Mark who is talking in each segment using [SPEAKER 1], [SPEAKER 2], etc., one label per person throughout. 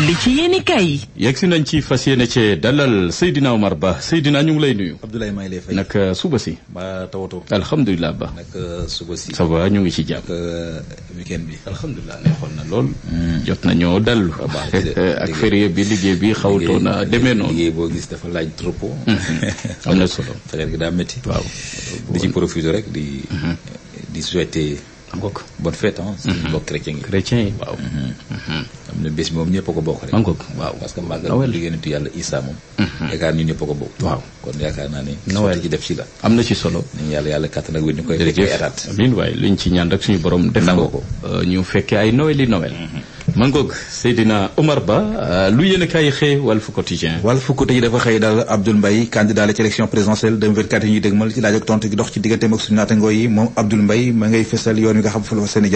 [SPEAKER 1] li ci yéeni kay yegg si nañ ci fas yéene cee dalal Seydina Omar Ba Seydina ñu ngi lay nuyu Abdoulaye maa ngi lay fay nag suba si ba tawatoo alhamdulilah ba nag suba si ça va ñu ngi ci jàpp euh, weekend bi alhamdulilah na lool hmm. jot na ñoo dallu ak férié bi liggéey bi xaw na demee noonu boo gis dafa laaj trop hmm. am na solo affaire gi daa métti waaw di ci profiter rek di hmm. di souhaiter bonne fête ah suñu mbokk chrétien yi yi ne bés moom ñëpp a ko bokk rek. waaw parce que màggal liggéeyantu yàlla Issa moom. Mhm. yaakaar ñu ñëpp a ko waaw kon yaakaar naa ne. nawel ci la. am na ci solo. nañu yàlla yàlla kàttan ak ñu ci ñaan rek suñu borom. def ko euh, ñu fekkee ay Noël yi Noël. Mhm. Mangog Seydina Ba euh, lu yéen a kaay xëy Walf Quotidien. Walf Quotidien dafa xëy daal Abdoul Mbaye candidat la ci élection présidentielle ci laaj ak tontu gi dox ci digganteem ak suñu naatangoo yi moom Abdoul Mbaye ma ngay fësal yoon wi nga xam fa la fa seen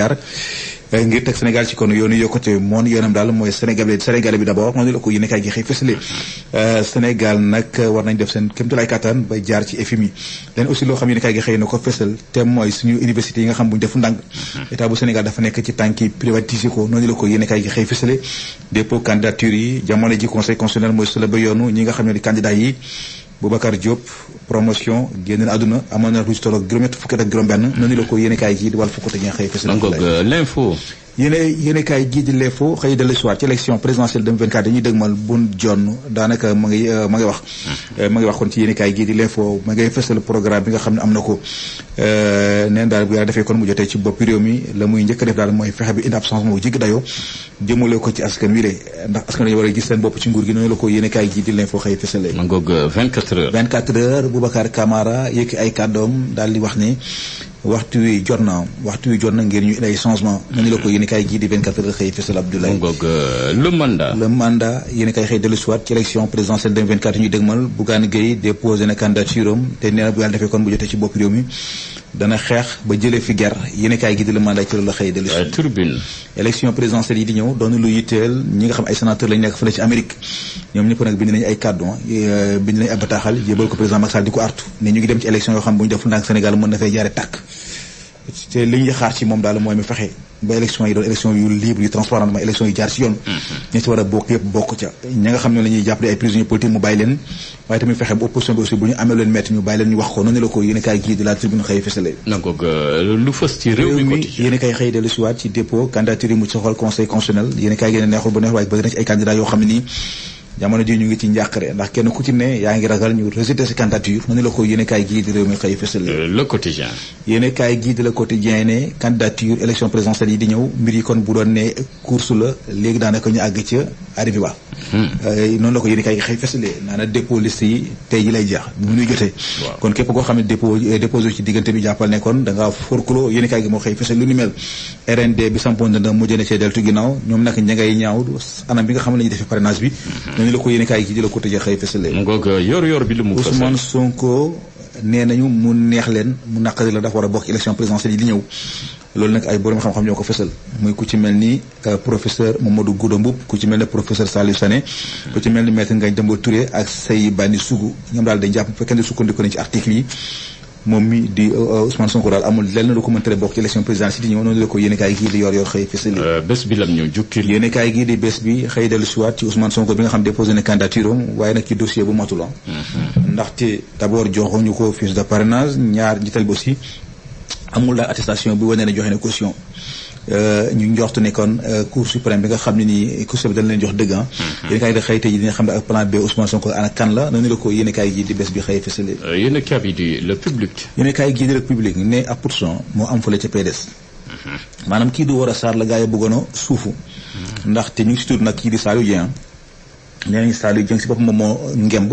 [SPEAKER 1] Eh, ngir teg Sénégal ci kon yoonu yokkute moon yoonam daal mooy Sénégal Sénégal bi d'abord moo ne la ko eh, war nañ def seen kéemtulaay kattan ba jaar ci FMI leen aussi loo xam yéen kaay gi xëy na ko fësal te mooy suñu université yi nga xam bu ñu defu ndànk mm-hmm. état bu Sénégal dafa nekk ci tànki privatiser ko noonu la ko yéen kaay gi xëy fësale dépôt candidature yi jamono ji conseil constitutionnel mooy su la ba yoonu ñi nga xam ne di candidat yi Boubacar Diop promotion génn na àdduna amoon na lu ci tolloog juróom-ñett fukki la ko yéen a kaay gii di wàllu fukki at ak ñaar xëy fës. donc yéenay yéenay kaay gii di leefoo xëy dellu si waat ci élection présidentielle 2024 dañuy dëgmal bun jonn daanaka ma ngi euh, ma ngi wax. Euh, ma ngi wax kon ci yéenay kaay gii di leefoo ma ngay fësal programme bi nga xam ne am na ko euh, neen daal bu yàlla defee kon mu jotee ci bopp réew mi la muy njëkk a def mooy fexe bi indi absence moo jéggi dayoo jëmale ko ci askan wi de ndax askan dañu war a gis seen bopp ci nguur gi noonu la ko yéenay kaay gii di leefoo xëy fësalee. ma ngoog 24 heures. 24 heures Boubacar Camara ay kàddoom daal di wax ni waxtu wi jot na waxtu wi jot na ngir ñu indi ay changement nañu la ko yéen kaay gii di 24 heures xëy Fesal Abdoulaye euh, le mandat le mandat yéen kaay xëy dellu siwaat ci élection présidentielle 2024 yi ñu dégmal Bougane Gueye déposé na candidature am te nee bu yàlla defee kon bu jotee ci bopp réew mi dana xeex ba jëlee fi guerre yéen kaay gi di la mandat ci la xëy de turbine élection présidentielle yi di ñëw doon lu yitteel ñi nga xam ay sénateur lañu nekk fële ci Amérique ñoom ñëpp nag bind nañu ay kàddu euh, bind nañu ay bataaxal yébal ko président Macky Sall di ko artu ne ñu ngi dem ci élection yoo xam bu ñu def ndànk Sénégal mën na fay jaare tàkk te li ñuy xaar ci moom daal mooy mu fexe ba élection yi doon élection yu libre yu transparent ma élection yu jaar ci yoon mm-hmm. ña ci war a bokk yëpp bokk ca ña nga xam ne la ñuy jàppale ay prisonniers politiques mu bàyyi leen waaye tamit fexe bu opposition bi aussi bu ñu amee leen metti ñu wax ko noonu la ko yéen a kaay gii de la tribune xëy fësale lu fës ci réew mi yéen a kaay xëy dellu ci dépôt candidature yi mu ci xool conseil constitutionnel yéen a neexul ba neex waaye bëgg na ci jamono ji ñu ngi ci njàqare ndax kenn ku ci ne yaa ngi ragal ñu rejeté sa candidature noonu la ko yéene kaay gii di réew mi xëy fësal euh, le quotidien yéene gii di le quotidien ne candidature élection présidentielle yi di ñëw mbir yi kon bu doon ne course la léegi daanaka ñu àgg ca arrivé ba Hmm. Euh, noonu la ko yéen kay xëy fësale naana dépôt liste yi tey ji lay jeex bu ñuy jotee kon képp koo xam ne dépôt euh, déposé ci diggante bi jàppal ne kon da ngaa gi moo xëy fësal lu ni mel RND bi sampoon na mujjee na cee deltu ginnaaw ñoom nag ña ngay ñaaw anam bi nga xam ne la ñuy defee parrainage bi hmm. noonu la ko yéen gi di la ko tëjee xëy fësale euh, yor yor bi lu mu Ousmane Sonko nee nañu mu neex leen mu naqari la dafa war a bokk loolu nag ay borom xam-xam ñoo ko fësal muy ku ci mel ni euh, professeur Mamadou Gouda Mboup ku ci mel ni professeur Salif Sané ku ci mel ni maître Ngagne Demba Touré ak say bànni sugu ñoom daal dañ jàpp fekkee ne sukkandiku euh, euh, daal amul ko mën tere gii di yor yor xëy fësal bés bi lam ñëw jukkil yéene gii di bés bi xëy dellu si ci Ousmane Sonko bi nga xam déposé na candidature waaye nag ci bu matula mhm. ndaxte d' abord joxuñu ko fiche de parrainage ñaar njiital bi amul daal attestation bi wane ne joxe na caution euh, ñu njortu ne kon euh, cour suprême bi nga xam ne nii cour suprême dañ jox dëgg ah. Mhm. yéen di bés bi xëy fësale. Euh, yéen kaay di le public. ne à moo am fële ca PDS. Mhm. maanaam kii du war a saar la gars yi bëggoon a suufu. Mhm. ndaxte ñu si tudd nag kii di Saliou Dieng. nee nañu Saliou Dieng si boppam moom moo ngemb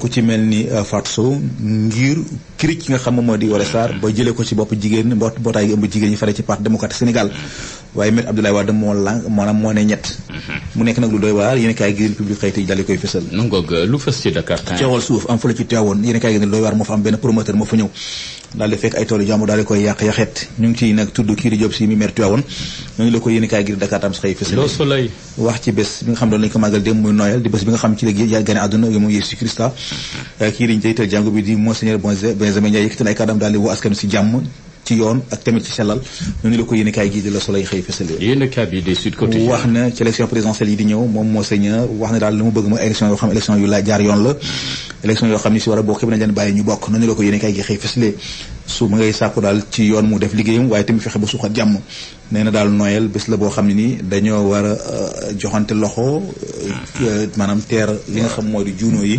[SPEAKER 1] ku ci mel ni Fatou Sow ngir. cric ki nga xam moom di Woré Sarr ba jëlee ko ci bopp jigéen mbootaay gi ëmb jigéen ñi fare ci parti démocratique Sénégal waaye Maître Abdoulaye Wade moo lànk moo ne ñett mhm. mu euh, moo fa am benn promoteur moo fa ñëw daal di fekk ay toolu jàmm daal di koy yàq yaxeet ñu ngi ciy nag tudd kii di mi maire Tivaouane ñooñu la ko yéen kaay gi Dakar Times xëy fësal wax ci bés bi nga xam doon lañu ko màggal dem muy noyal di bés bi nga xam ci léegi gane Benjamin Ndiaye yëkkati na ay kàddam daal di woo si jàmm ci yoon ak tamit ci sellal noonu la ko yéen kaay gii di la soloy xëy fësal wax na ci élection présidentielle yi di ñëw moom monseigneur wax na daal li mu bëgg mooy élection yoo xam la a bokk yëpp nañ leen bàyyi boo xam ni dañoo war a euh, joxante loxo euh, maanaam teer li nga xam mooy di juunoo yi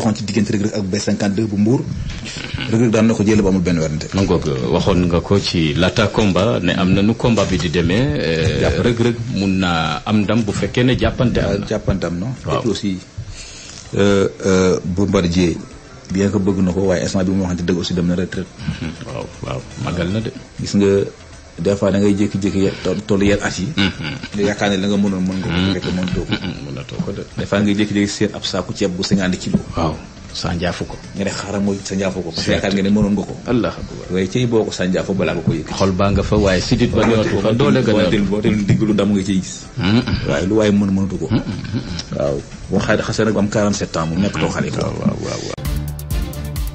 [SPEAKER 1] doxoon ci diggante Reug Reug ak B52 bu Mbour. Reug Reug daan na ko jël ba amul benn werante. ma ngoog waxoon nga ko ci laata komba ne am na nu combat bi di demee. jàpp euh, Reug mun naa am ndam bu fekkee ne jàppante am na. Ah, jàppante am na. waaw et puis aussi euh, euh, Bombardier bien que bëgg na ko waaye instant bi mu waxante dëgg aussi dem na retraite. waaw magal na de. gis nga. des fois da ngay jékki-jékki toll yenn at yi mm-hmm. nga yaakaar ne la nga mënoon mën nga mm-hmm. fekk mën too ko mm-hmm. mën ko ngay jékki-jékki seen ab saaku ceeb bu cinquante kilo waaw sànjaafu ko nga ne xaaral mooy sànjaafu ko sànjaafu balaa nga ko yëg xol baa nga fa waaye sidit ba nootu fa doole boo dem digg lu dam nga ciy gis waaye lu waaye mën mënatu ko waaw boo xaar xasee nag am 47 ans mu nekk too xale waaw